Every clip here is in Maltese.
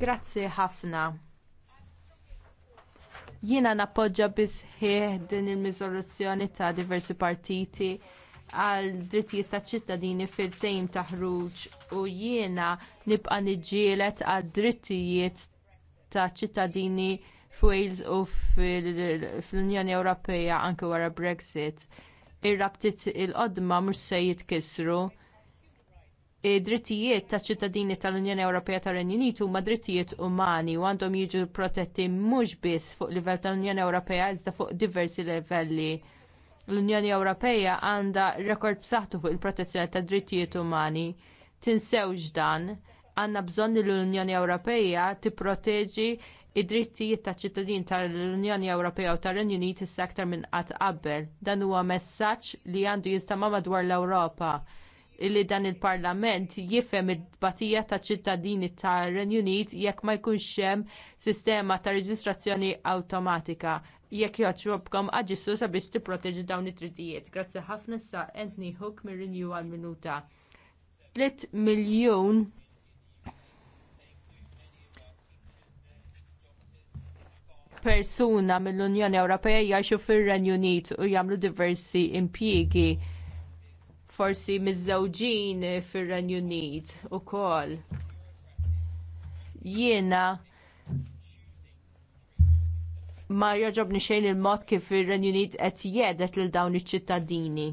Grazzi ħafna. Jiena nappoġġa bisħieħ din il-miżoluzzjoni ta' diversi partiti għal drittijiet taċ ċittadini fil-tejm ta' ħruġ u jiena nibqa' niġġielet għad drittijiet ta' ċittadini f'Wales u fl-Unjoni Ewropea anke wara Brexit. Ir-rabtiet il-qodma mhux se jitkissru id-drittijiet ta' ċittadini tal-Unjoni Ewropea tar-Renju Unit huma drittijiet umani u għandhom jiġu protetti mhux biss fuq livell tal-Unjoni Ewropea iżda fuq diversi livelli. L-Unjoni Ewropea għandha rekord b'saħħtu fuq il-protezzjoni tad drittijiet umani. Tinsewx dan, għandna bżonn li l-Unjoni Ewropea tipproteġi id-drittijiet taċ ċittadin tal-Unjoni Ewropea u tar-Renju Unit issa aktar minn qatt qabel. Dan huwa messaġġ li għandu jistama' madwar l-Ewropa li dan il-Parlament jifhem il-batija ta' ċittadini tar Renju Unit jekk ma jkunx hemm sistema ta' reġistrazzjoni awtomatika. Jekk joċrobkom aġissu sabiex tipproteġi dawn it tritijiet Grazzi ħafna sa' Anthony Hook mir-Renew għal-minuta. 3 miljun persuna mill-Unjoni Ewropea jgħixu fir-Renju Unit u jagħmlu diversi impjiegi forsi miż fir-Renju Unit ukoll. Jiena ma jogħġobni xejn il-mod kif ir-Renju Unit qed jedet lil dawn iċ-ċittadini.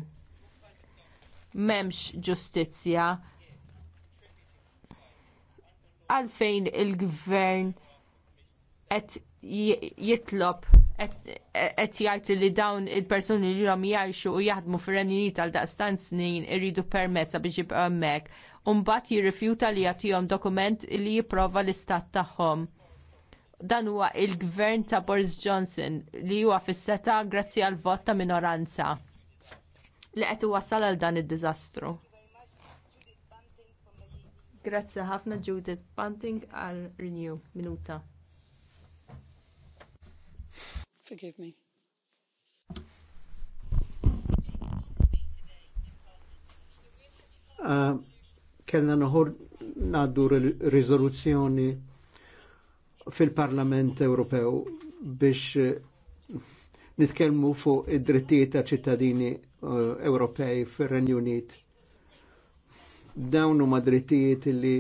M'hemmx ġustizzja għalfejn il-gvern qed jitlob qed jgħid li dawn il-persuni li hom jgħixu u jaħdmu fir-Renjuniet tal daqstan snin irridu permessa biex jibqa' hemmhekk. Umbagħad jirrifjuta li jagħtihom dokument li jipprova l-istat tagħhom. Dan huwa l gvern ta' Boris Johnson li huwa fis-seta grazzi għal vot ta' minoranza li qed iwassal għal dan id-diżastru. Grazzi ħafna Judith Banting għal Renew Minuta forgive me. Uh, kellna noħor naddu rizoluzzjoni fil-Parlament Ewropew biex eh, nitkellmu fuq id-drittijiet ta' ċittadini uh, Ewropej fir-Renju Unit. Dawn huma drittijiet li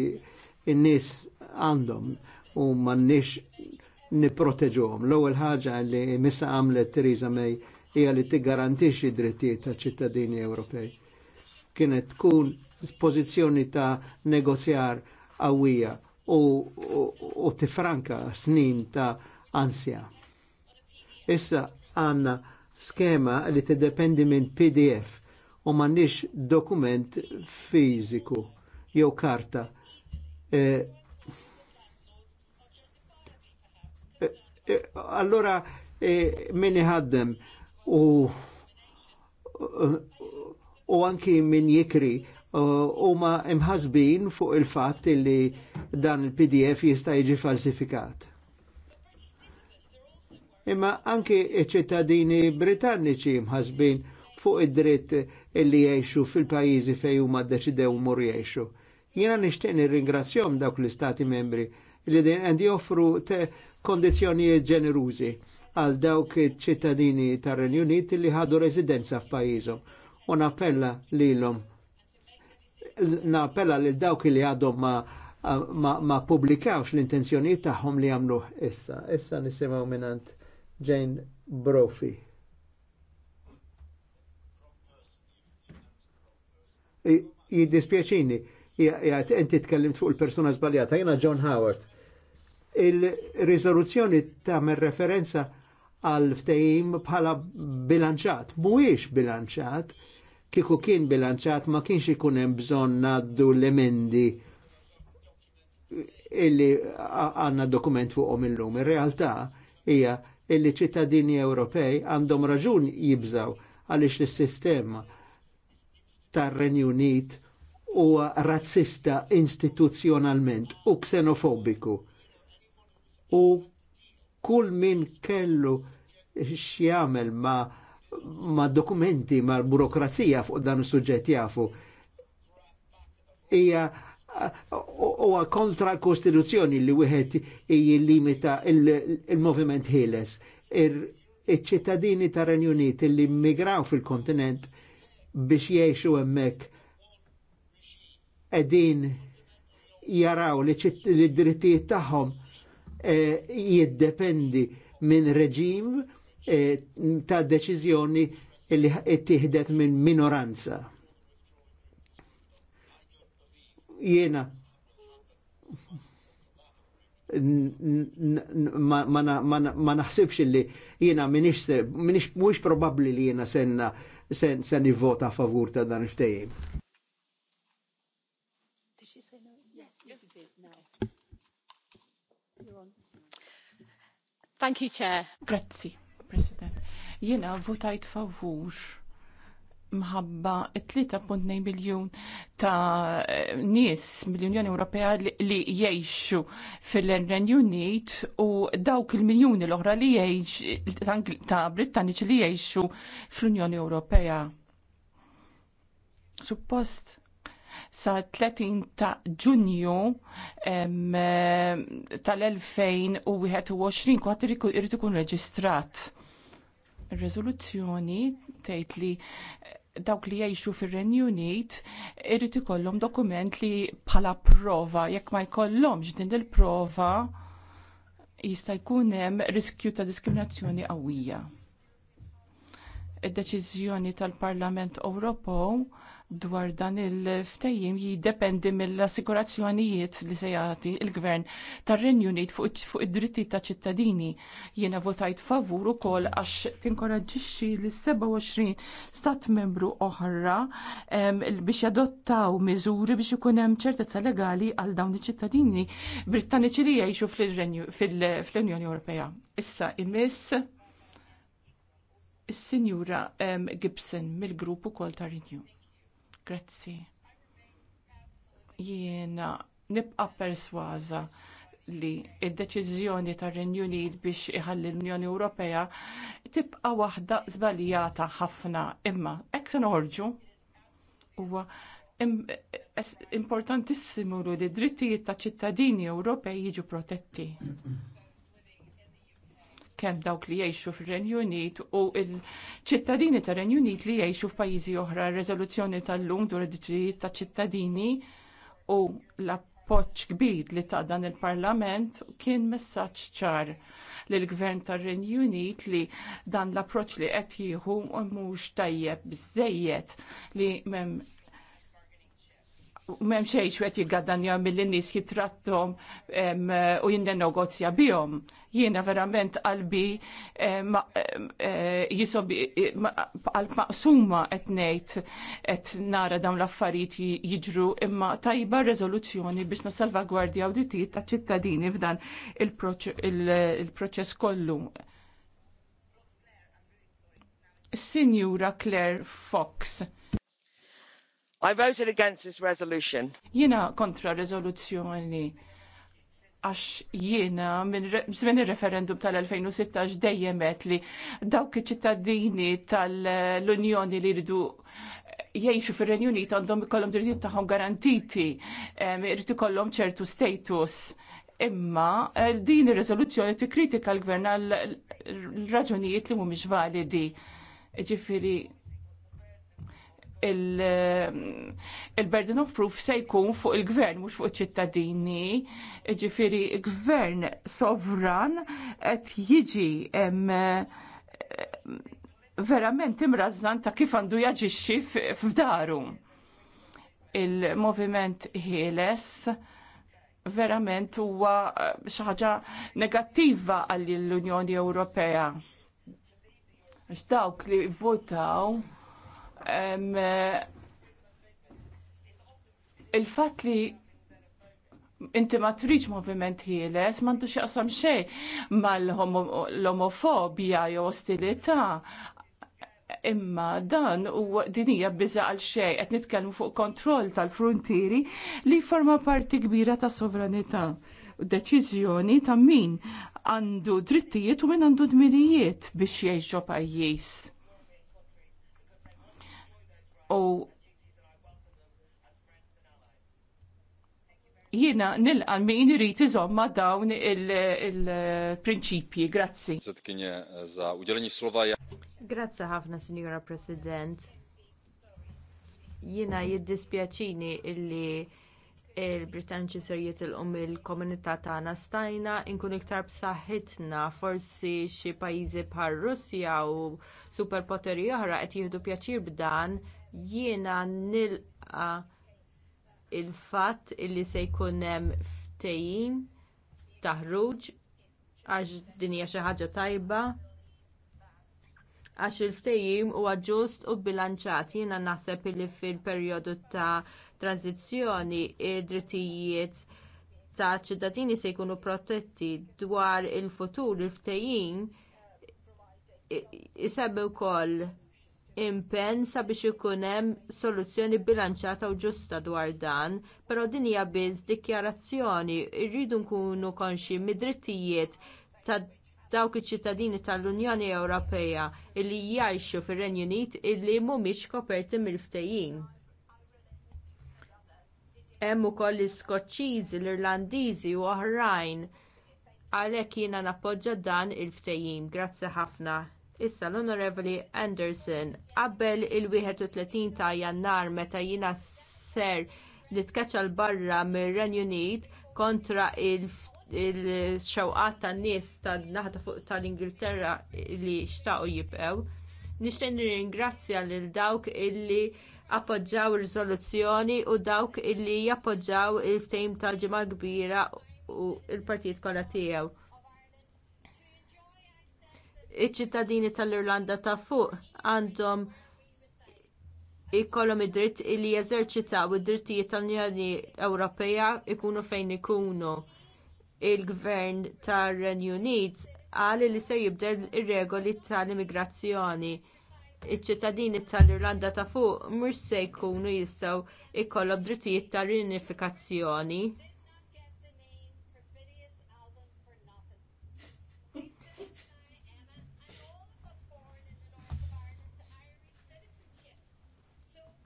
n-nies għandhom u m'għandniex niproteġuhom. L-ewwel ħaġa li missa għamlet Theresa May hija li tiggarantixxi drittijiet ta' ċittadini Ewropej. Kienet tkun pożizzjoni ta' negozjar qawwija u, u, u tifranka snin ta' ansja. Issa għanna skema li tiddependi minn PDF u m'għandix dokument fiżiku jew karta. E, Eh, allora eh, min iħaddem u u anki min jikri eh, u ma imħazbin fuq il-fat li dan il-PDF jista' jiġi falsifikat imma anki ċittadini britanniċi mħasbin fuq id-dritt li jiexu fil-pajizi fej huma deċidew mur jiexu. Jiena nishtiqni ringrazzjom dawk l-istati membri li din għandi joffru kondizjonijiet ġenerużi għal dawk ċittadini tar-Renju Unit li ħadu residenza f'pajjiżhom. U nappella lilhom nappella lil dawk li għadhom ma, ma, ma publikawx l-intenzjonijiet tagħhom li jagħmluh issa. Issa nisimgħu minant Jane Brophy. Jiddispjaċini, jgħat inti tkellimt fuq il-persuna żbaljata, Jiena John Howard il-rizoluzzjoni tagħmel referenza għal ftehim bħala bilanċat. Mhuwiex bilanċat, kieku kien bilanċat ma kienx ikun hemm bżonn ngħaddu l-emendi illi għanna dokument fuqhom illum. Ir-realtà hija illi ċittadini Ewropej għandhom raġun jibżaw għaliex is-sistema tar-Renju Unit huwa razzista istituzzjonalment u ksenofobiku u kull min kellu x'jamel ma ma dokumenti ma burokrazija fuq dan is-suġġett jafu Ija huwa kontra l-Kostituzzjoni li wieħed jillimita il-moviment ħieles. Iċ-ċittadini ta' Renju Unit li migraw fil-kontinent biex jgħixu hemmhekk qegħdin jaraw li d-drittijiet tagħhom Eh, jiddependi minn reġim eh, ta' deċiżjoni li jittihdet minn minoranza. Jena. ma naħsibx li jiena minix mhuwiex probabbli li jiena senna sen a favur ta' dan il Thank you, Chair. Grazzi, President. Jena votajt favur mħabba 3.9 miljun ta' nies mill-Unjoni Ewropea li jgħixu fil-Renju Unit u dawk il-miljuni l-oħra li jgħix ta' Brittaniċi li jgħixu fl-Unjoni Ewropea. Suppost sa 30 ta' ġunju tal-2021 għat irrid ikun reġistrat. Ir-riżoluzzjoni tgħid li eh, dawk li jgħixu fir-Renju Unit irrid ikollhom dokument li bħala prova jekk ma jkollhomx din il-prova jista' jkun hemm riskju ta' diskriminazzjoni qawwija. Id-deċiżjoni tal-Parlament Ewropew dwar dan il-ftejjim jiddependi mill-assikurazzjonijiet li se jagħti l gvern tar-Renju Unit fuq id-dritti ta' ċittadini. Jiena votajt favur ukoll għax tinkoraġġixxi l 27 stat membru oħra biex jadottaw miżuri biex ikun hemm ċertezza legali għal dawn iċ-ċittadini Brittaniċi li jgħixu fl-Unjoni Ewropea. Issa imiss is-Sinjura Gibson mill-grupp ukoll ta' Renew. Grazzi. Jiena nibqa' persważa li id-deċiżjoni tar-Renju Unit biex iħalli l-Unjoni Ewropea tibqa' waħda żbaljata ħafna imma hekk se noħorġu huwa importantissimu li d-drittijiet ta' ċittadini Ewropej jiġu protetti kemm dawk li jgħixu fir-Renju Unit u l-ċittadini tar-Renju Unit li jgħixu f'pajjiżi oħra. Reżoluzzjoni tal-lum dwar id-drittijiet ta' ċittadini u l-appoġġ kbir li ta' dan il-Parlament kien messaġġ ċar lill gvern tar-Renju Unit li dan l-approċċ li qed jieħu mhux tajjeb biżejjed li m'hemm Mem xej xwet jiggadanja mill-nis jitrattom u negozja bihom. Jiena verament qalbi e, jisob e, qalb maqsuma qed ngħid qed nara dawn l-affarijiet jiġru imma tajba rezoluzzjoni biex nasalvagwardja u ta' ċittadini f'dan il-proċess kollu. Signora Claire Fox I voted against this resolution. Jiena kontra rezoluzzjoni għax jiena minn referendum tal-2016 dejjem qed li dawk iċ-ċittadini tal-Unjoni li rridu jgħixu fir-Renju Unit għandhom ikollhom drittijiet tagħhom garantiti, irid ikollhom ċertu status. Imma eh, din ir-riżoluzzjoni tikkritika l-gvern għal raġunijiet li mhumiex validi. Ġifieri Eh, il-burden of proof se jkun fuq il-gvern, mux fuq ċittadini, ġifiri gvern sovran et jiġi eh, verament imrażżan ta' kif għandu jaġixxi f'daru. Il-moviment ħieles verament huwa eh, xi ħaġa negattiva għall-Unjoni Ewropea. X'dawk li votaw Eh, il-fat li inti ma triċ moviment ħieles, mandu jaqsam xej mal-homofobija jew ostilità. Imma dan u dinija biza għal xej, qed nitkellmu fuq kontroll tal-frontieri li forma parti kbira ta' sovranità. Deċiżjoni ta' min għandu drittijiet u min għandu dmirijiet biex jgħix pajjiż u jiena nilqa' min irid iżomma dawn il-prinċipji. Grazzi. Eh, Grazzi ħafna, Signora President. Jiena jiddispjaċini illi il-Britanċi ser qom il-komunità tagħna stajna inkun iktar b'saħħitna forsi xi pajjiżi bħal Russja u superpoteri oħra qed jieħdu pjaċir b'dan Jiena nilqa il-fatt illi se jkun hemm ftehim ta' ħruġ għax din hija xi ħaġa tajba għax il-ftehim huwa ġust u bilanċat. Jiena naħseb li fil-perjodu ta' tranzizzjoni id-drittijiet ta' ċittadini se jkunu protetti dwar il-futur il-ftehim isebbi wkoll impenn sabiex ikun hemm soluzzjoni bilanċata u ġusta dwar dan, però din hija biss dikjarazzjoni rridu nkunu konxi mid-drittijiet ta' dawk iċ-ċittadini tal-Unjoni Ewropea li jgħixu fir-Renju Unit illi mhumiex koperti mill-ftehim. Hemm ukoll l-Iskoċċiżi, l-Irlandiżi u oħrajn għalhekk jiena nappoġġa dan il-ftehim. Grazzi ħafna. Issa l-Onorevoli Anderson qabel il-31 ta' jannar meta jina ser nitkaċċa l-barra mir-Renju Unit kontra il-xewqat tan nies tan-naħda fuq tal-Ingilterra li xtaqu jibqgħu. Nixtieq nirringrazzja lil dawk illi appoġġaw ir-riżoluzzjoni u dawk illi jappoġġaw il ftejm tal-ġimgħa kbira u l partijiet kollha tiegħu iċ-ċittadini tal-Irlanda ta' fuq għandhom ikollhom id-dritt li jeżerċitaw id-drittijiet tal-Unjoni Ewropea ikunu fejn ikunu. Il-Gvern tar-Renju Unit qal li ser jibdel ir-regoli tal-immigrazzjoni. Iċ-ċittadini tal-Irlanda ta' fuq mhux se jkunu jistgħu jkollhom drittijiet ta' rinifikazzjoni.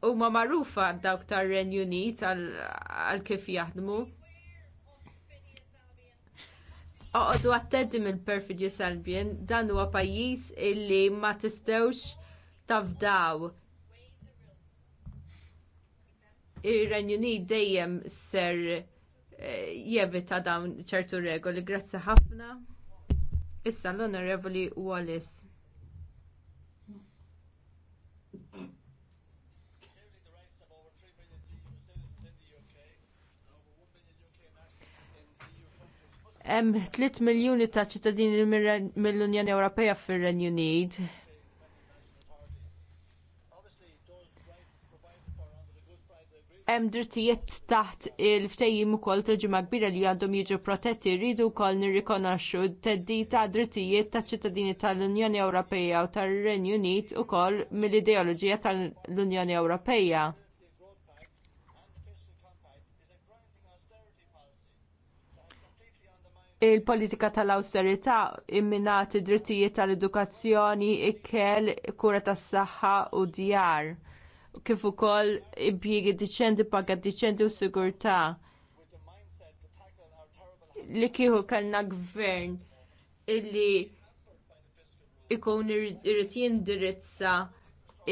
ma magħrufa dawk tar-Renju Unit għal kif jaħdmu. Oqdu attenti mill perfidi Salbien, dan huwa pajjiż illi ma tistgħux tafdaw. Ir-Renju Unit dejjem ser eh, jevita dawn ċertu regoli. Grazzi ħafna. Issa l-Onorevoli Wallis. Hemm 3 miljuni ta' ċittadini mill-Unjoni Ewropea fir-Renju Unit. Hemm drittijiet taħt il-ftejjim ukoll ta' ġimgħa kbira li għandhom jiġu protetti rridu wkoll nirrikonoxxu t-teddita drittijiet ta' ċittadini tal-Unjoni Ewropea u tar-Renju Unit ukoll mill-ideoloġija tal-Unjoni Ewropea. il-politika tal awsterita imminat id-drittijiet tal-edukazzjoni, ikkel, kura tas-saħħa u djar. Kif ukoll impjiegi diċenti, paga diċenti u sigurtà. Li kieku kellna gvern illi ikun irid jindirizza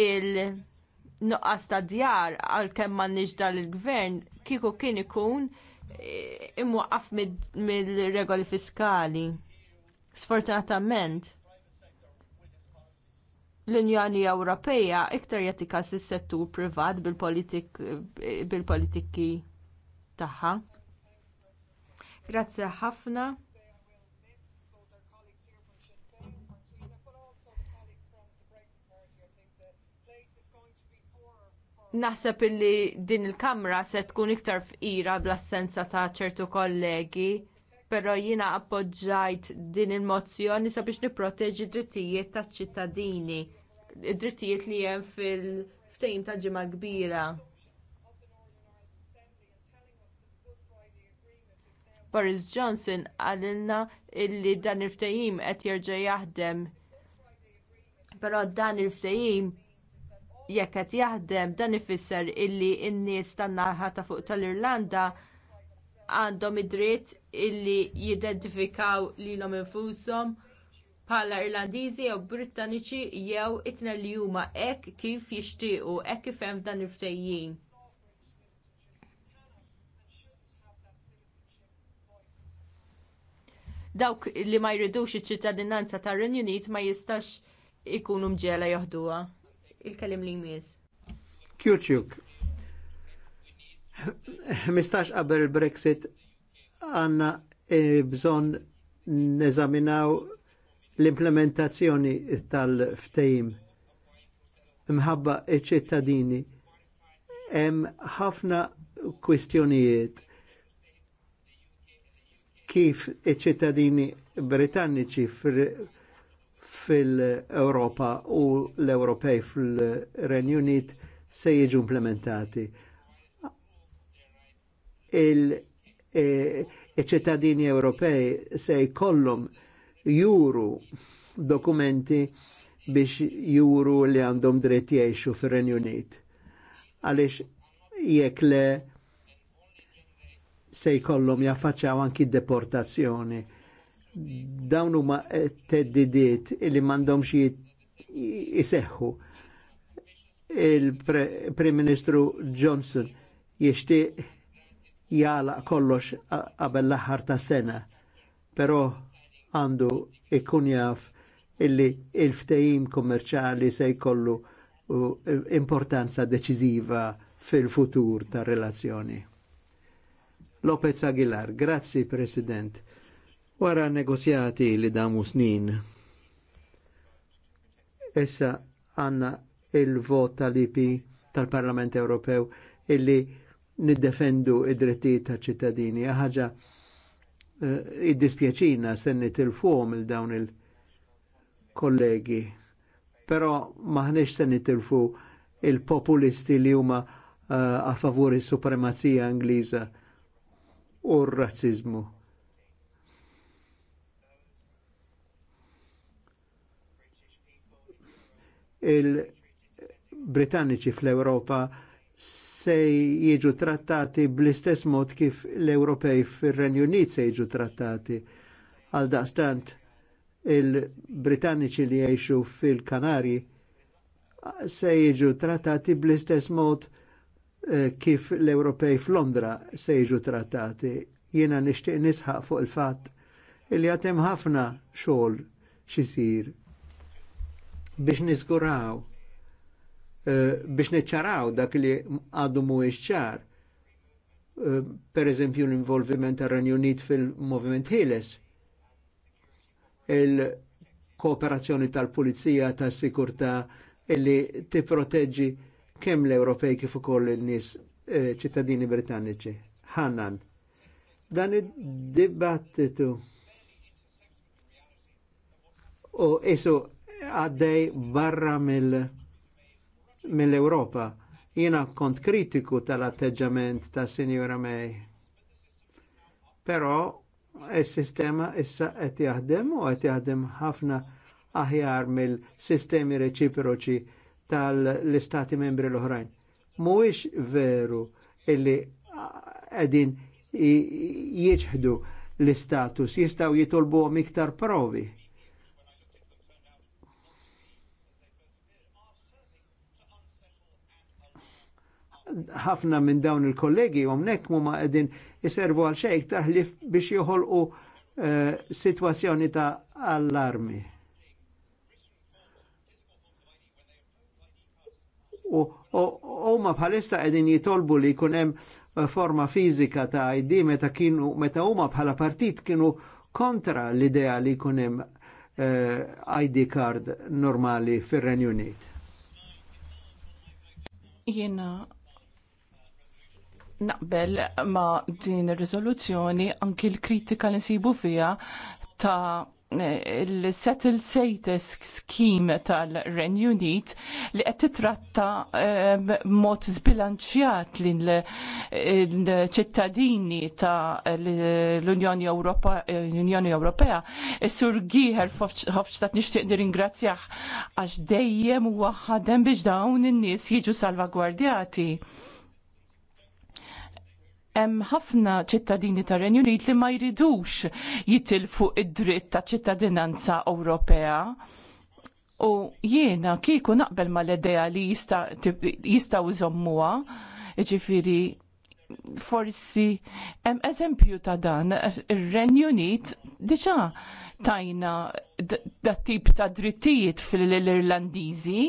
il-nuqqas ta' djar għalkemm m'għandniex dan il-gvern kieku kien ikun imwaqqaf mill-regoli fiskali. Sfortunatament, l-Unjoni Ewropea iktar jattika s-settur privat bil-politiki taħħa. tagħha. Grazzi ħafna. naħseb illi din il-kamra se tkun iktar fqira bl-assenza ta' ċertu kollegi, però jiena appoġġajt din il-mozzjoni sabiex nipproteġi drittijiet taċ ċittadini, id-drittijiet li hemm fil-ftejn ta' ġimgħa kbira. Boris Johnson għalilna illi dan il-ftehim qed jerġa' jaħdem. Però dan il-ftehim jekk qed jaħdem dan ifisser illi n-nies tan-naħa ta' fuq tal-Irlanda għandhom id-dritt illi jidentifikaw lilhom infushom bħala Irlandiżi jew Brittaniċi jew itna li huma hekk kif jixtiequ hekk kif hemm dan il-ftejjin. Dawk li ma jridux iċ-ċittadinanza tar-Renju Unit ma jistax ikunu mġela joħduha il-kelim li jmiz. Kjuċjuk. 15 qabel il-Brexit għanna eh, bżon neżaminaw l-implementazzjoni tal ftejm mħabba iċ-ċittadini hemm ħafna kwistjonijiet kif iċ-ċittadini Britanniċi fil-Europa u l europej fil-Renju Unit se jiġu implementati. Il-ċittadini e, e- Ewropej se jkollhom juru dokumenti biex juru li għandhom dritt jgħixu fir-Renju Unit. Għaliex jekk le se jkollhom jaffaċċjaw anki deportazzjoni dawn huma teddidiet illi m'għandhomx jiseħħu. Il-Prim Ministru Johnson jixtieq jala kollox qabel l-aħħar ta' sena, però għandu ikun jaf illi il-ftehim kummerċali se jkollu importanza deċiziva fil-futur ta' relazzjoni. Lopez Aguilar, grazzi President wara negozjati li damu snin. Issa għanna il-vot tal-IP tal-Parlament Ewropew illi niddefendu id-drittijiet ta' ċittadini. ħaġa uh, id-dispjaċina senni tilfuhom il-dawn il-kollegi. Però maħniex senni tilfu il-populisti li huma uh, a favori supremazija Ingliża u r-razzizmu. il-Britanniċi fl-Europa se jiġu trattati bl-istess mod kif l-Ewropej fir-Renju Unit se jiġu trattati. Għal daqstant il-Britanniċi li jgħixu fil-Kanari se jiġu trattati bl-istess mod eh, kif l-Ewropej f'Londra se jiġu trattati. Jiena nixtieq nisħaq fuq il-fatt il-jatem ħafna xogħol xisir biex nizguraw, eh, biex neċċaraw dak li għadu mu iċċar. Eh, per eżempju l-involviment ta' Renjunit fil movement Hiles, il-kooperazzjoni tal-Pulizija, tas-Sikurta, illi ti proteġi kemm l-Ewropej kif ukoll il-nies eh, ċittadini Britanniċi. Hannan. Dan id-dibattitu u isu għaddej barra mill-Europa. Mil Jina kont kritiku tal-atteġġament ta' Sinjura May. Però il-sistema issa qed jaħdem u qed jaħdem ħafna aħjar mill-sistemi reċiproċi tal-istati membri l-oħrajn. Mhuwiex veru illi qegħdin jieġħdu l-istatus, jistgħu jitolbuhom iktar provi ħafna minn dawn il-kollegi għomnek mu ma edin jiservu għal xejk taħlif biex joħolqu uh, eh, situazzjoni ta' allarmi. U huma bħalista qegħdin jitolbu li jkun hemm eh, forma fizika ta' ID meta kienu meta huma bħala partit kienu kontra l-idea li jkun hemm eh, ID card normali fir-Renju Unit. Jiena naqbel ma din ir-riżoluzzjoni anki l-kritika li nsibu fiha ta' il-settled status scheme tal-Ren Unit li qed titratta eh, mod zbilanċjat l-ċittadini ta' l-Unjoni Ewropea. s sur Giher Hofstadt nixtieq nirringrazzjah għax dejjem huwa ħadem biex dawn in-nies jiġu salvagwardjati hemm ħafna ċittadini tar renju Unit li ma jridux jitilfu id-dritt ta' ċittadinanza Ewropea. U jiena kieku naqbel mal-idea li jista' jżommuha, ġifiri forsi hemm eżempju ta' dan ir-Renju Unit diġà tajna dat tip ta' drittijiet fil-Irlandiżi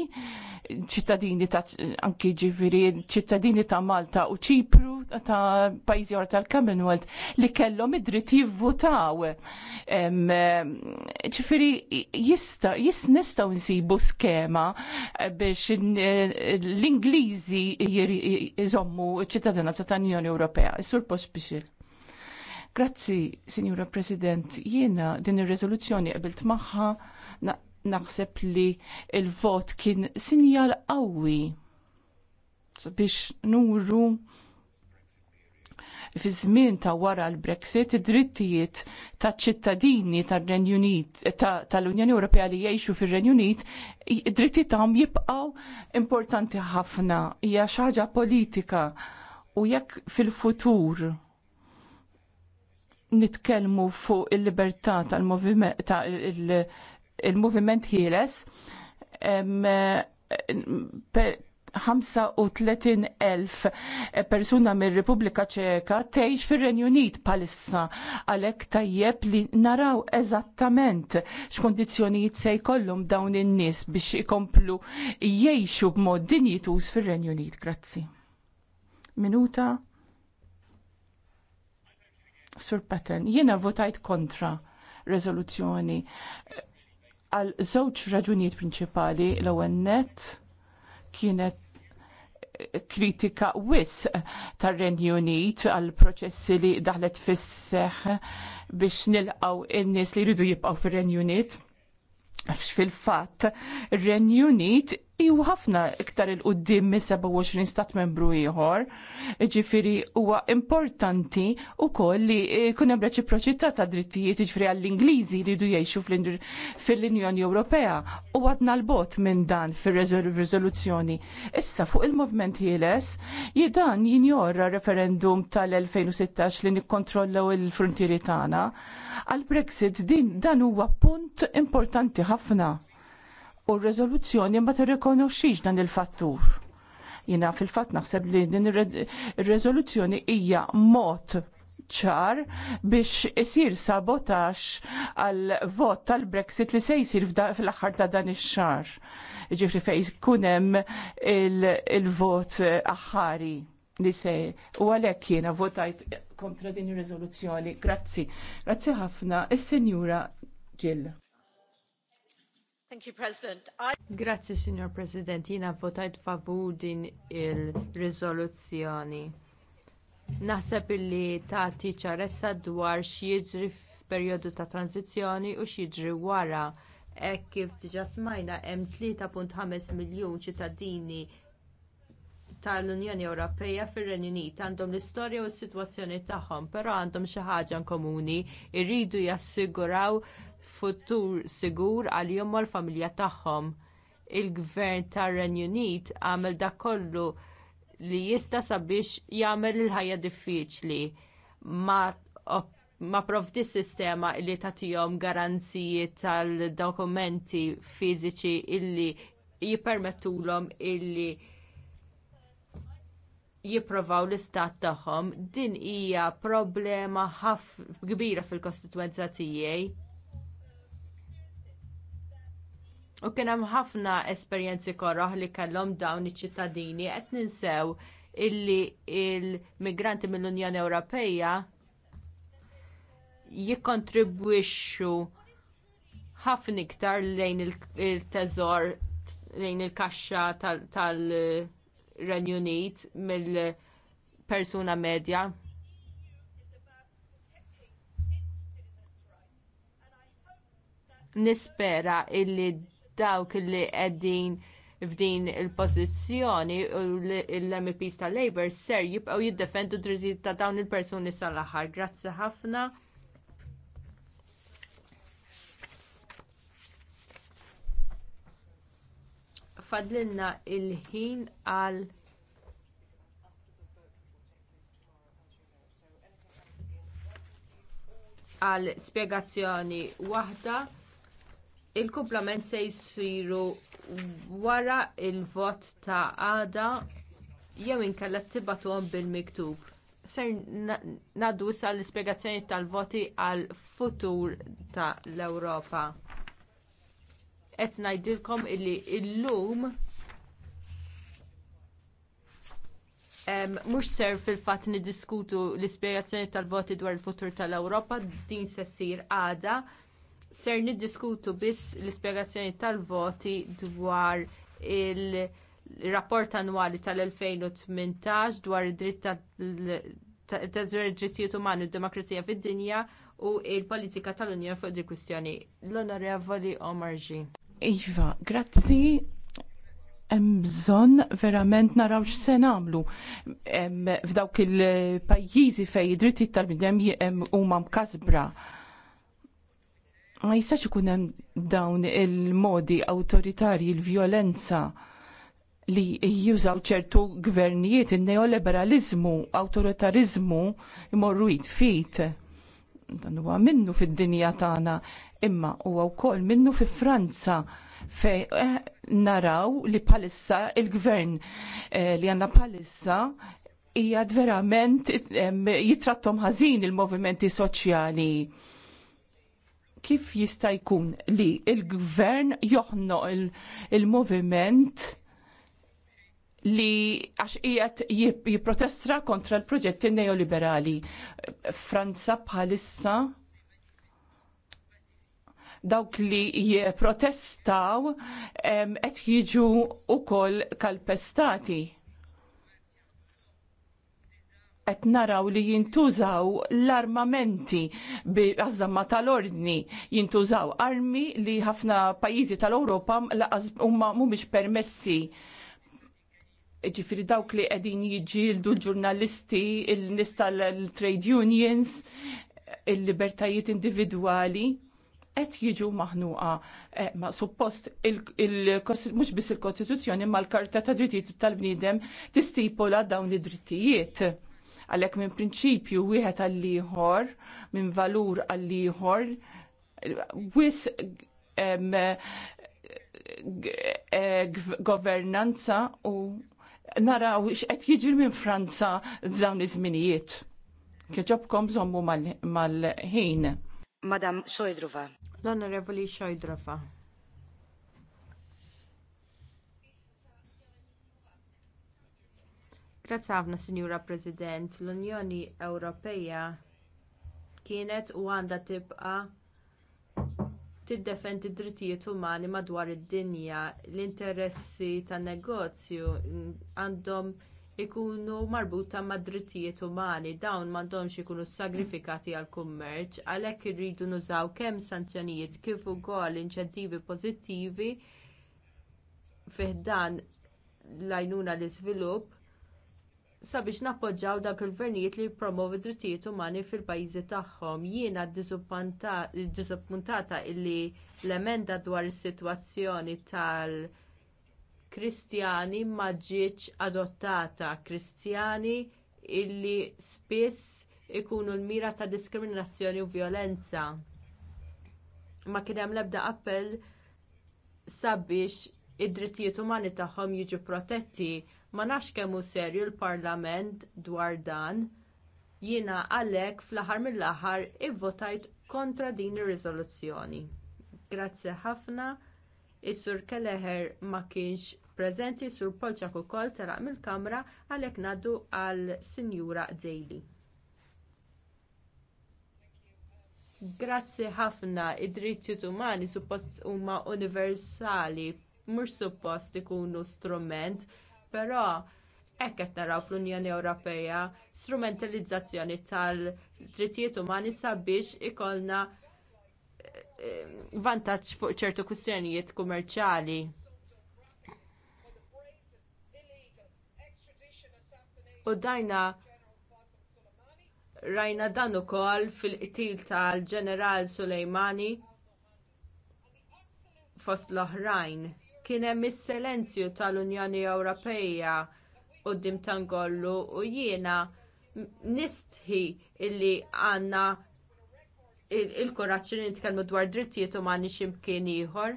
ċittadini ta' anki ġifiri, ċittadini ta' Malta u ċipru ta' pajzi or tal-Commonwealth li kellhom id-dritt jivvotaw. ċifiri, jista, jist nistaw nsibu skema biex l-Ingliżi jizommu ċittadinanza ta' unjoni Ewropea. Is-sur pospixil. Grazzi, Signora President, jiena din ir-rezoluzzjoni qabilt magħha naħseb li il-vot kien sinjal qawwi biex nuru fi żmien ta' wara l-Brexit id-drittijiet ta' ċittadini tar-Renju Unit tal-Unjoni Ewropea li jgħixu fir-Renju Unit id-drittijiet tagħhom jibqgħu importanti ħafna hija xi ħaġa politika u jekk fil-futur nitkellmu fuq il-libertà tal-moviment ta' il il-moviment ħieles 35,000 persuna mir repubblika ċeka tgħix fir-Renju Unit palissa għalhekk tajjeb li naraw eżattament x'kondizzjonijiet se jkollhom dawn in-nies biex ikomplu jgħixu b'mod dinjitus fir-Renju Unit. Grazzi. Minuta. Sur Patten, jiena votajt kontra rezoluzzjoni għal żewġ raġunijiet prinċipali l-ewwel kienet kritika wis tar-Renju Unit għal proċessi li daħlet fis biex nilqaw in-nies li jridu jibqgħu fir-Renju Unit. F'x fil-fatt, ir-Renju Unit Iju ħafna iktar il-qoddim minn 27 stat membru ieħor, ġifiri huwa importanti u koll li eh, kunem reċiproċità ta' drittijiet ġifiri għall-Ingliżi li jdu jgħixu fil-Unjoni Ewropea u għadna l-bot minn dan fil-rezoluzzjoni. Issa fuq il-movement ħieles jidan jinjorra referendum tal-2016 li nikkontrollaw il-frontieri tagħna. Għal-Brexit din dan huwa punt importanti ħafna u r-rezoluzzjoni ma tirrikonoxxix dan il-fattur. Jina fil-fatt naħseb li din ir-rezoluzzjoni hija mod ċar biex isir sabotax għal vot tal-Brexit li se jisir fl-axar ta' dan ix-xar. Ġifri fej kunem il-vot aħħari li se u għalek jena votajt kontra din ir-rezoluzzjoni. Grazzi. Grazzi ħafna il senjura Ġilla. Grazzi Grazie, Signor President. Jina votajt favur din il-rizoluzzjoni. Naħseb illi tagħti ċarezza dwar x'jiġri f'perjodu ta' tranzizjoni u x'jiġri wara. Hekk kif diġà smajna em 3.5 miljun ċittadini tal-Unjoni Ewropea fir-Renju Unit għandhom l-istorja u s-sitwazzjoni tagħhom, però għandhom xi ħaġa komuni, irridu jassiguraw futur sigur għalihom u l-familja tagħhom. Il-Gvern tar-Renju Unit għamel dak kollu li jista' sabiex jagħmel il-ħajja diffiċli ma ma provdi sistema li tagħtihom garanziji tal-dokumenti fiżiċi illi jippermettulhom illi jipprovaw l-istat tagħhom, din hija problema ħaf kbira fil-kostituenza tiegħi. U kien hemm ħafna esperjenzi korroħ li kellhom dawn iċ-ċittadini qed ninsew illi il-migranti mill-Unjoni Ewropea jikkontribwixxu ħafna iktar lejn il-teżor lejn il-kaxxa tal-Renju Unit mill-persuna medja. Nispera illi dawk li qegħdin f'din il-pożizzjoni u l-MPs ta' Labour ser jibqgħu jiddefendu drittijiet ta' dawn il-persuni sal-aħħar. Grazzi ħafna. Fadlinna il-ħin għal għal spjegazzjoni waħda il-kumplament se jsiru wara l vot ta' għada jew inkella tibatuhom bil-miktub. Ser naddu issa l-ispjegazzjoni tal-voti għal futur ta' l-Ewropa. Qed ngħidilkom illi llum mhux ser fil-fatt niddiskutu l-ispjegazzjoni tal-voti dwar il-futur tal-Ewropa din se ssir għada ser niddiskutu biss l-ispjegazzjoni tal-voti dwar il-rapport annwali tal-2018 dwar id-dritt drittijiet umani u demokrazija fid-dinja u l politika tal-Unjoni fuq di kwistjoni. L-Onorevoli Omar Omarġi. Iva, grazzi hemm bżonn verament naraw x'se nagħmlu f'dawk il-pajjiżi fejn id dritti tal-bidem huma mkasbra ma jistax ikun hemm dawn il-modi awtoritarji l-vjolenza li jużaw ċertu gvernijiet il-neoliberalizmu, awtoritarizmu imorru jitfit. Dan huwa minnu fid-dinja tagħna, imma huwa wkoll minnu fi Franza fej eh, naraw li palissa il-gvern eh, li għandna palissa hija verament eh, jitrattom ħażin il-movimenti soċjali kif jista' jkun li il-gvern joħno il-moviment li għax qiegħed jipprotestra kontra l-proġetti neoliberali. Franza bħalissa dawk li jipprotestaw qed jiġu wkoll kalpestati qed naraw li jintużaw l-armamenti bi għazzamma tal-ordni, jintużaw armi li ħafna pajjiżi tal-Ewropa huma mhumiex permessi. Ġifiri dawk li qegħdin jiġġieldu l-ġurnalisti, il-nies tal-trade unions, il-libertajiet individwali qed jiġu maħnuqa eh, ma suppost mhux biss il-Kostituzzjoni ma l-Karta ta' Drittijiet tal-Bniedem tistipula dawn id-drittijiet għalhekk minn prinċipju wieħed għall-ieħor, minn valur għall-ieħor, wis eh, governanza u naraw x'qed jiġri minn Franza dawn iż-żminijiet. Kieġobkom żommu mal-ħin. Madam Xojdrova. L-Onorevoli Xojdrova. Grazie għavna, Signora President. L-Unjoni Ewropea kienet u għandha tibqa' tiddefendi d-drittijiet umani madwar id-dinja, l-interessi tan negozju għandhom ikunu marbuta mad drittijiet umani, dawn m'għandhomx ikunu sagrifikati għall kummerċ, għalhekk irridu nużaw kemm sanzjonijiet kif ukoll inċentivi pożittivi fih dan l-għajnuna l-iżvilupp sabiex nappoġġaw dak il-gvernijiet li jippromovu drittijiet umani fil-pajjiżi tagħhom. Jiena disappuntata illi l-emenda dwar is-sitwazzjoni tal-Kristjani ma ġietx adottata. Kristjani illi spiss ikunu l-mira ta' diskriminazzjoni u vjolenza. Ma kien hemm l-ebda appell sabiex id-drittijiet umani tagħhom jiġu protetti Ma nafx kemm hu serju l-Parlament dwar dan. Jiena għalhekk fl-aħħar mill-aħħar ivvotajt kontra din ir-riżoluzzjoni. Grazzi ħafna. Is-Sur Keleher ma kienx preżenti sur Polċak ukoll telaq mill-Kamra għalhekk ngħaddu għal Sinjura Daily. Grazzi ħafna id-drittijiet umani suppost huma universali, mhux suppost ikunu strument però hekk qed naraw fl-Unjoni Ewropea strumentalizzazzjoni tal-drittijiet umani sabiex ikollna eh, vantaġġ fuq ċertu kwistjonijiet kummerċjali. U dajna rajna dan ukoll fil-qtil tal-ġeneral Sulejmani fost l-oħrajn kien hemm is-silenzju tal-Unjoni Ewropea quddiem tangollu u jiena nistħi illi għandna il-kuraċ li nitkellmu dwar drittijiet umani x'imkien ieħor.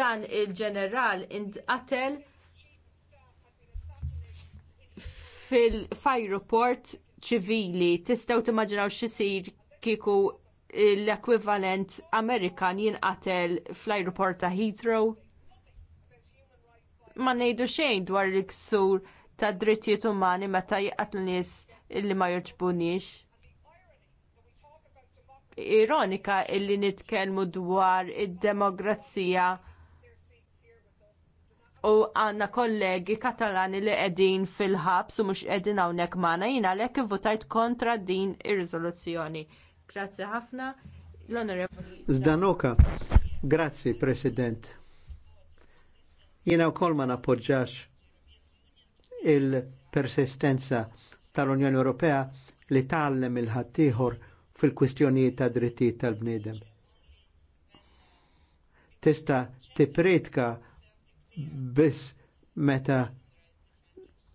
Dan il-ġeneral intqatel fil-fajruport ċivili. Tistgħu timmaġinaw x'isir kieku l-ekwivalent Amerikan jinqatel fl ajruporta ta' Heathrow? Ma ngħidu xejn dwar il-ksur ta' drittijiet umani meta l nies li ma jorġbunix. Ironika illi nitkellmu dwar id-demokrazija u għandna kollegi katalani li qegħdin fil-ħabs u mhux qegħdin hawnhekk magħna jien għalhekk votajt kontra din ir-riżoluzzjoni. Grazie ħafna. L-Onorevoli. Zdanoka. grazie President. Jena u kolma ma napoġġax il-persistenza tal-Unjoni Ewropea li tallem il-ħattijħor fil-kwistjonijiet ta' drittijiet tal-bnidem. Tista tipretka biss meta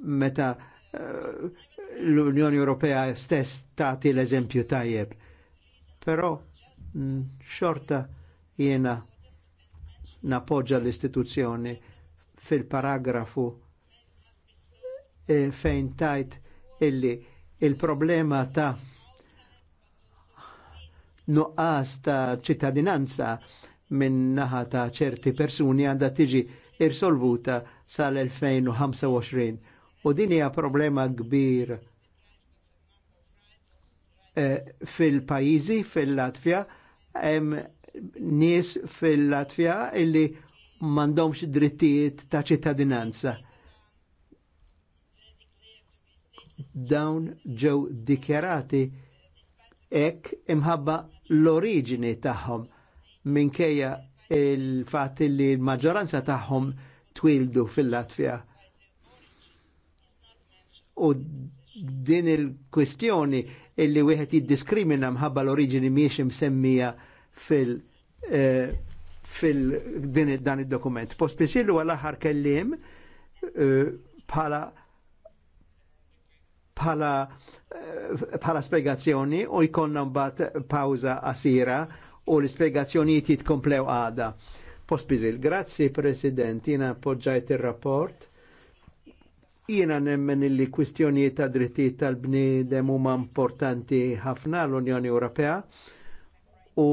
meta uh, l-Unjoni Ewropea stess tagħti l-eżempju tajjeb Però mm, xorta jiena napoġġa l-istituzzjoni fil-paragrafu eh, fejn tajt illi il-problema ta' nuqqas ta' ċittadinanza minn naħa ta' ċerti persuni għandha tiġi irsolvuta sal-2025. U din hija problema kbir Eh, fil-pajizi, fil-Latvja, hemm nies fil-Latvja illi mandomx drittijiet ta' ċittadinanza. Dawn ġew dikjarati ek imħabba l-oriġini tagħhom minkejja il-fatt li l-maġġoranza tagħhom twildu fil-Latvja. U din il-kwestjoni illi wieħed jiddiskrimina mħabba l-oriġini miex msemmija fil- eh, fil din dan id-dokument. Post bisillu għal-aħħar kellim eh, bħala bħala eh, bħala spiegazzjoni u jkonna mbagħad pawża qasira u l-ispiegazzjonijiet jitkomplew għada. Post bizil, grazzi President, jina appoġġajt ir rapport Jiena nemmen illi kwistjonijiet ta' drittijiet tal-bniedem huma importanti ħafna l-Unjoni Ewropea u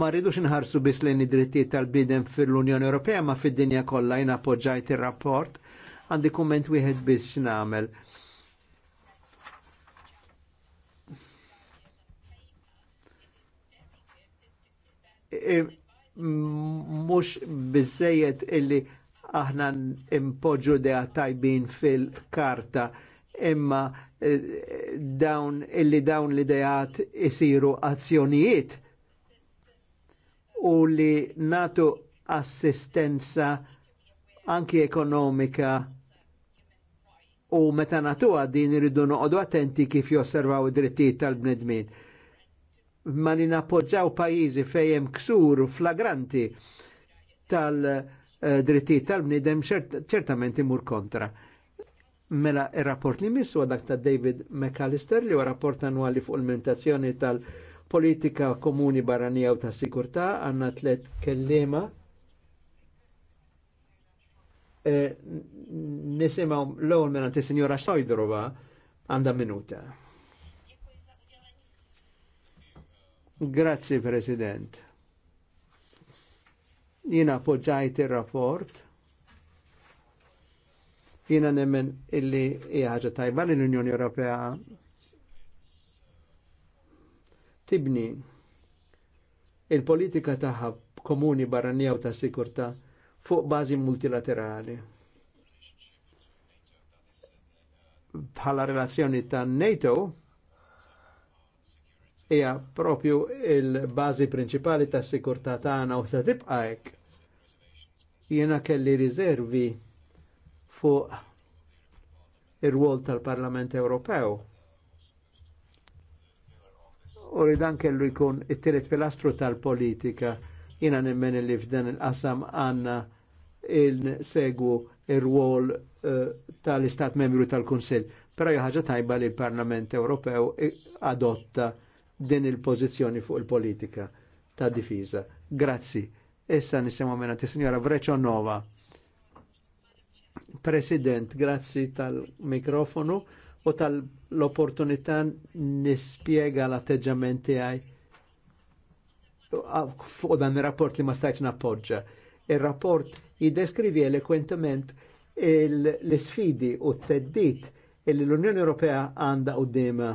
ma rridux inħarsu biss lejn id-drittijiet tal-bniedem fil-Unjoni Ewropea ma fid-dinja kollha jien appoġġajt ir-rapport għandi kumment wieħed biss x'nagħmel. E, mhux mux bizzejiet illi aħna impoġġu dea tajbin fil-karta imma eh, dawn illi dawn li dejat isiru azzjonijiet u li natu assistenza anki ekonomika u meta natuha din iridu noqogħdu attenti kif josservaw id-drittijiet tal-bnedmin. Ma li nappoġġaw pajjiżi fejn hemm ksur flagranti tal- Eh, drittijiet tal-bniedem ċertament imur kontra. Mela ir-rapport li missu dak ta' David McAllister li huwa rapport annwali fuq il-mentazzjoni tal-politika komuni barranija u ta' sikurtà għandna tliet kellima e, nisimaw l-ewwel mela anti-Sinjora Sojdrova għandha minuta. Grazie, President. Jina poġġajt il-rapport. Jina nemmen illi ħaġa tajba l-Unjoni Ewropea tibni il-politika taħħa komuni barranija u ta' sikurta fuq bazi multilaterali. Bħala relazzjoni ta' NATO hija propju il-bażi prinċipali ta' sikurta tagħna u ta' tibqa' Jiena kelli riservi fuq ir-rwol tal-Parlament Ewropew. U li dan kellu jkun it-tielet pilastru tal-politika jiena nemmen li f'dan il-qasam għanna il-segwu ir-rwol eh, tal-Istat membru tal-Kunsill. Però jħagġa tajba li l-Parlament Ewropew adotta din il pozizjoni fuq il-politika ta' difiża. Grazzi Issa nisimu minna t-Sinjora signora Nova. President, grazzi tal-mikrofonu u tal-opportunità nispiega l-atteġġamenti għaj fuq dan il-rapport li ma stajċ nappoġġa. Il-rapport jideskrivi elekwentement l-sfidi u t-teddit illi l-Unjoni Ewropea għanda u dima.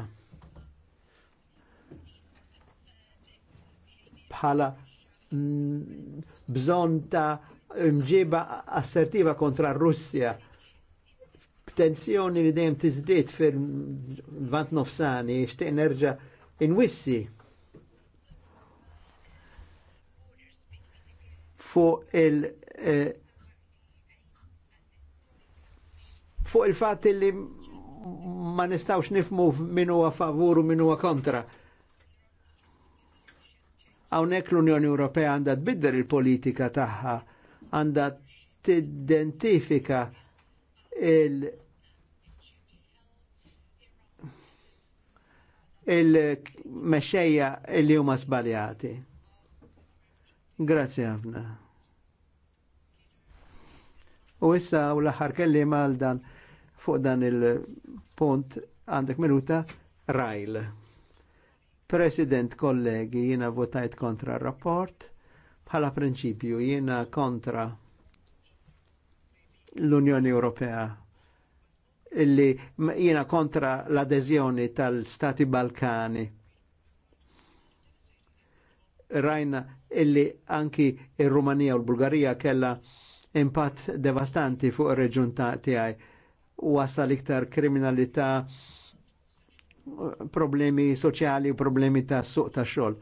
bħala Mm, bżon ta' mġiba assertiva kontra Russja. Tensjoni li dejjem tiżdiet fil-vant nofsani, xtieq nerġa' inwissi fuq il- eh, fuq il-fatt li ma nistawx nifmu minu huwa favur u minu huwa kontra Hawnhekk l-Unjoni Ewropea għandha tbidder il-politika tagħha, għandha tidentifika il- il li huma sbaljati. Grazzi għafna. U issa u l-aħħar kelli mal dan fuq dan il-punt għandek minuta Rajl. President kollegi, jina votajt kontra rapport, bħala prinċipju jina kontra l-Unjoni Ewropea illi jina kontra l adezjoni tal-Stati Balkani. Rajna illi anki il rumanija u l-Bulgarija kella impatt devastanti fuq il reġun ta' tiegħi wasal iktar kriminalità problemi soċjali u problemi ta' suq ta' xogħol.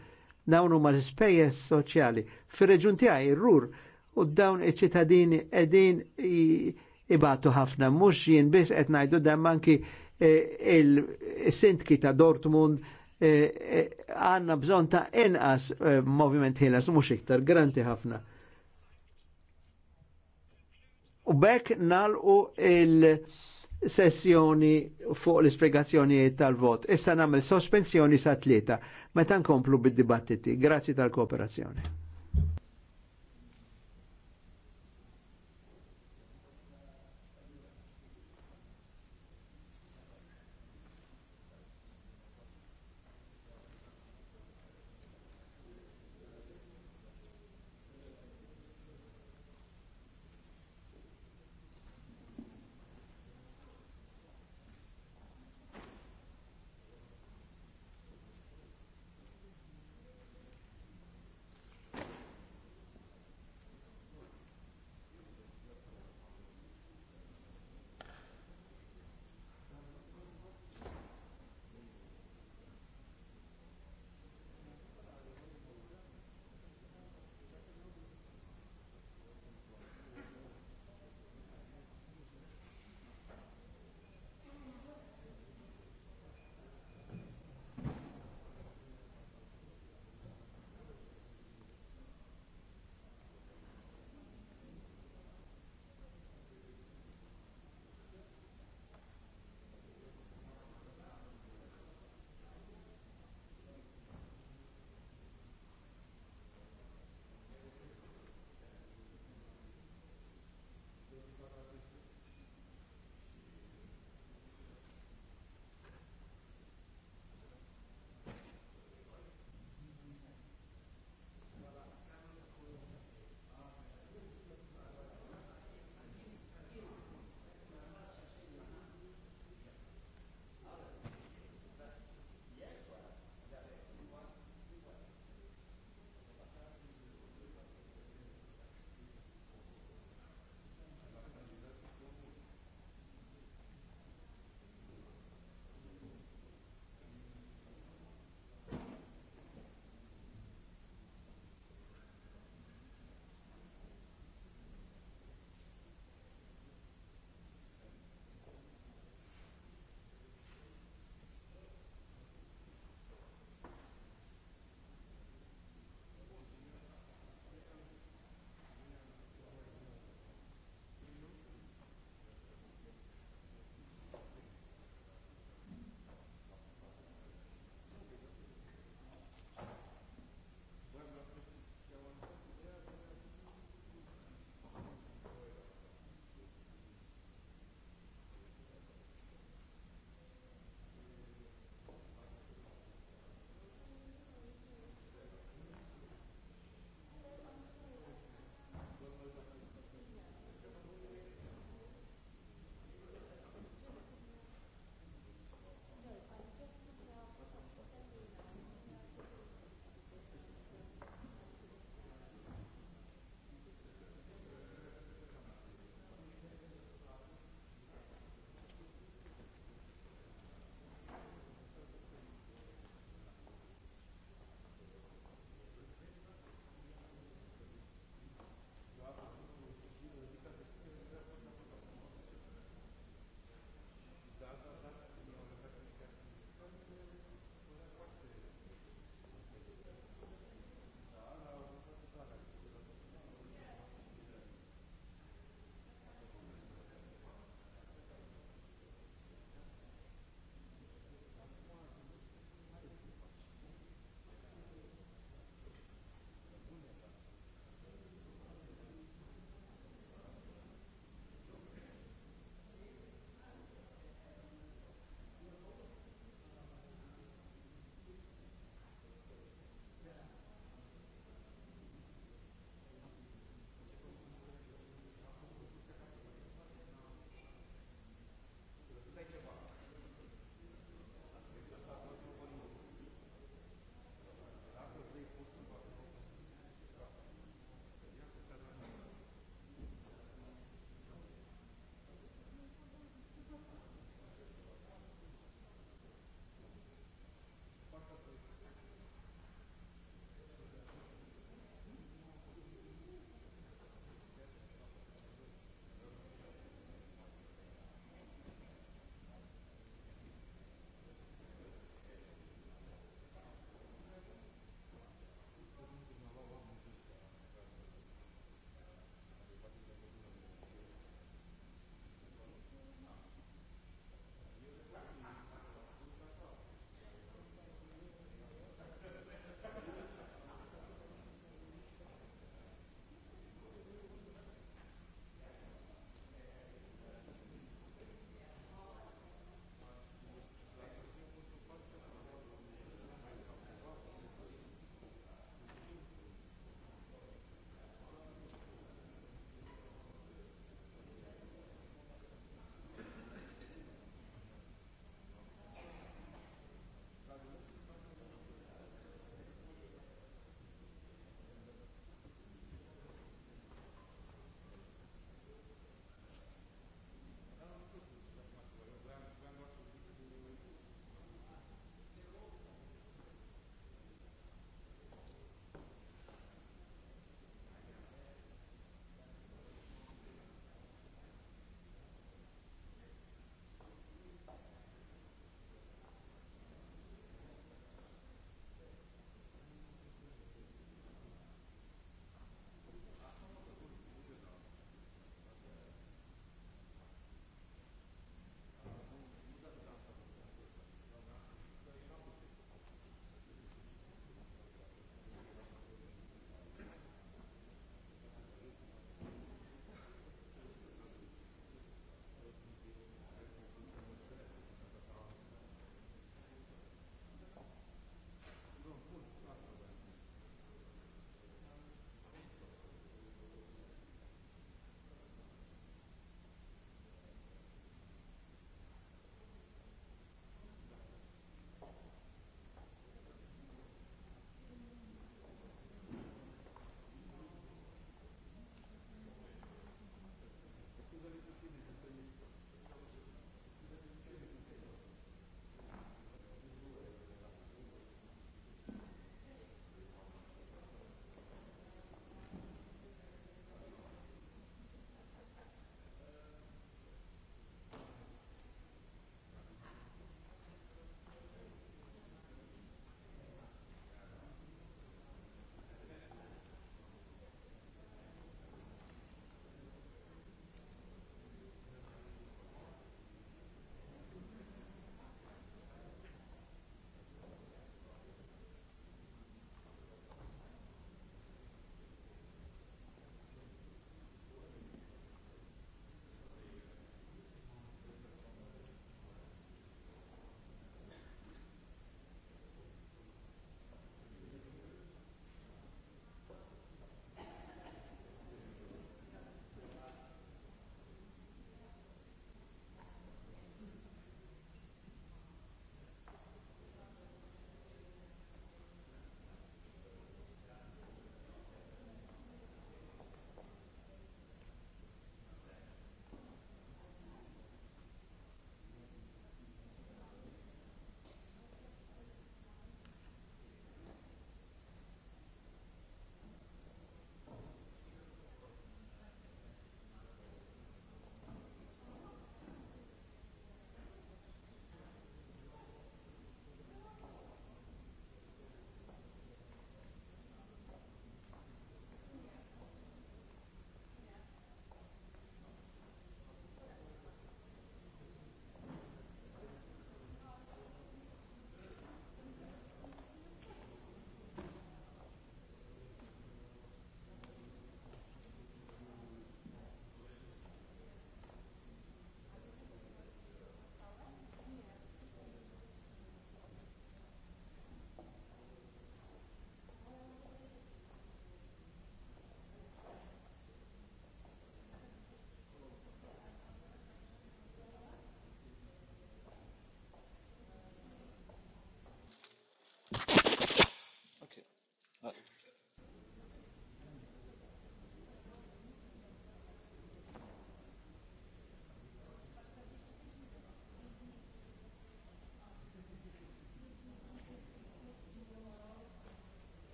Dawn huma l-ispejjeż soċjali. Fir-reġun tiegħi rur u dawn iċ-ċittadini qegħdin ibatu ħafna mhux jien biss qed ngħidu dan manki e, il-sintki ta' Dortmund e, e, għanna bżon ta' inqas moviment ħilas mhux iktar granti ħafna. U bekk nalqu il- sessjoni fuq l ispiegazzjoni tal-vot. Issa nagħmel sospensjoni sa' tlieta meta nkomplu bid-dibattiti. Grazzi tal-kooperazzjoni.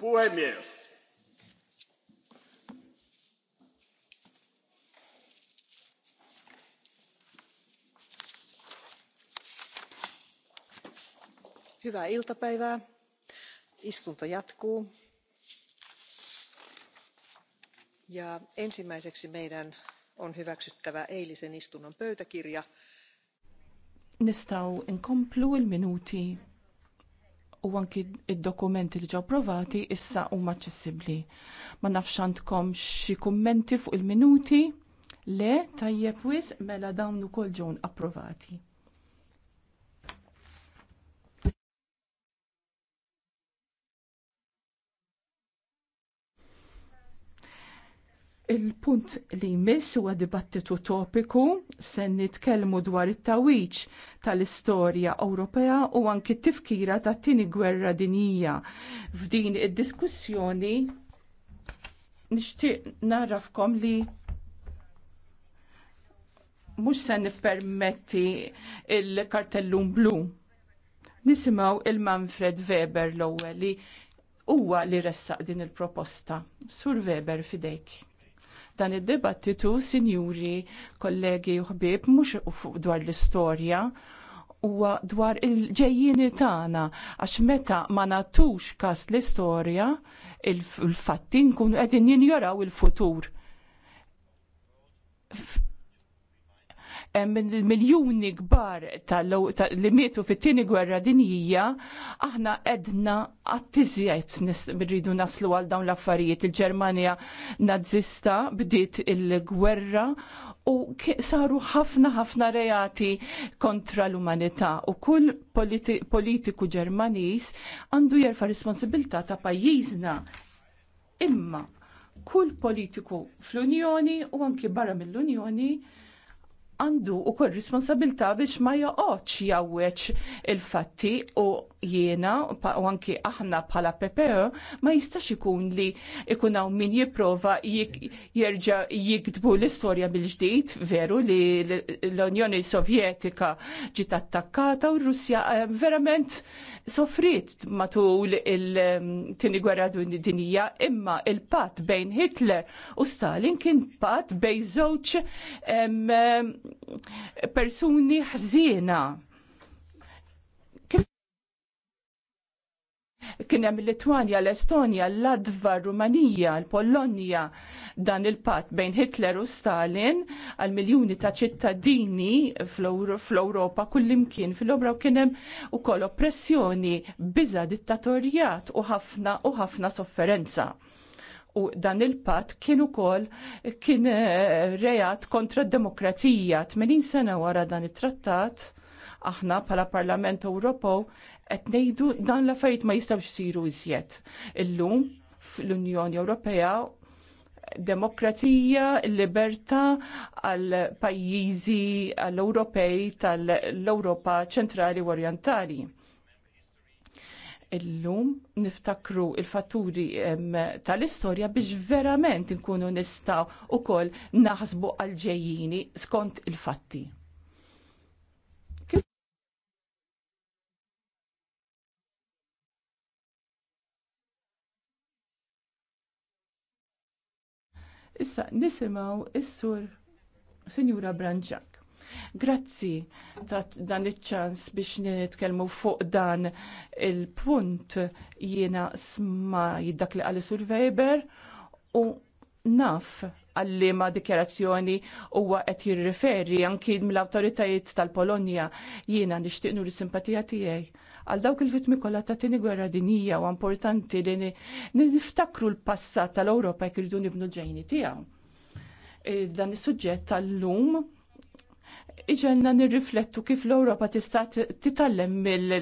puhemies hyvää iltapäivää istunto jatkuu ja ensimmäiseksi meidän on hyväksyttävä eilisen istunnon pöytäkirja. Nistaw inkomplu il minuti u anki id-dokumenti li ġew approvati issa huma aċċessibbli. Ma nafx għandkom xi kummenti fuq il-minuti le tajjeb wis mela dawn ukoll ġew approvati. Il-punt li jmiss huwa dibattitu topiku se nitkellmu dwar it-tawiċ tal-istorja Ewropea u anki t-tifkira ta' tieni gwerra dinija. F'din id-diskussjoni nixtieq narrafkom li mhux se nippermetti l kartellum blu. Nisimgħu il-Manfred Weber l-ewwel li huwa li ressaq din il-proposta. Sur Weber fidejk. Dan id-dibattitu, sinjuri, kollegi u ħbib, mhux dwar l-istorja, huwa dwar il-ġejjini tagħna għax meta ma nagħtux każ l-istorja, il-fatti nkunu qegħdin jinjoraw il-futur Eh, minn il-miljuni kbar li mietu fit-tieni gwerra dinjija, aħna edna għattizjajt rridu naslu għal dawn l-affarijiet. il ġermania nazista bdiet il-gwerra u saru ħafna ħafna reati kontra l-umanità u kull politi politiku Ġermaniż għandu jerfa responsabilità ta' pajjiżna. Imma kull politiku fl-Unjoni u anki barra mill-Unjoni għandu u kol responsabilta biex ma joqoċ jawweċ il-fatti u jiena u anki aħna bħala PPO ma jistax ikun li ikun hawn min jipprova jerġa' jiktbu l-istorja bil-ġdid veru li l-Unjoni Sovjetika ġiet attakkata u r-Russja ehm, verament soffrit matul il-tini ehm, gwerra dinija imma il-pat bejn Hitler u Stalin kien pat bejn żewġ ehm, persuni ħżiena. kien hemm Litwanja, l-Estonja, l-Latva, Rumanija, l-Pollonja dan il-patt bejn Hitler u Stalin għal miljuni ta' ċittadini fl-Ewropa kullimkien fil-obra u kien hemm ukoll oppressjoni, biża dittatorjat u ħafna u ħafna sofferenza u dan il-pat kien ukoll kien eh, reat kontra d-demokrazija. 80 sena wara dan it-trattat aħna pala Parlament Ewropew qed ngħidu dan l-affarijiet ma jistgħux isiru iżjed. Illum fl-Unjoni Ewropea demokrazija, libertà għal pajjiżi għall Ewropej tal-Ewropa ċentrali u Orientali illum niftakru il-fatturi tal-istorja biex verament nkunu nistaw u kol naħsbu għalġejjini ġejjini skont il-fatti. Issa nisimaw is-sur Sinjura Branġan. Grazzi ta' dan iċ-ċans biex nitkellmu fuq dan il-punt jiena sma jiddak li għalli Sur Weber u naf għalli ma dikjarazzjoni huwa qed jirriferi anki mill-awtoritajiet tal-Polonja jiena nishtiqnu nur simpatija tiegħi għal dawk il-vitmi kollha ta' tini gwerra dinija u importanti li niftakru l-passat tal-Ewropa jek irridu nibnu ġejni tiegħu. Eh, dan is-suġġett tal-lum iġenna nirriflettu kif l-Ewropa tista' titgħallem mill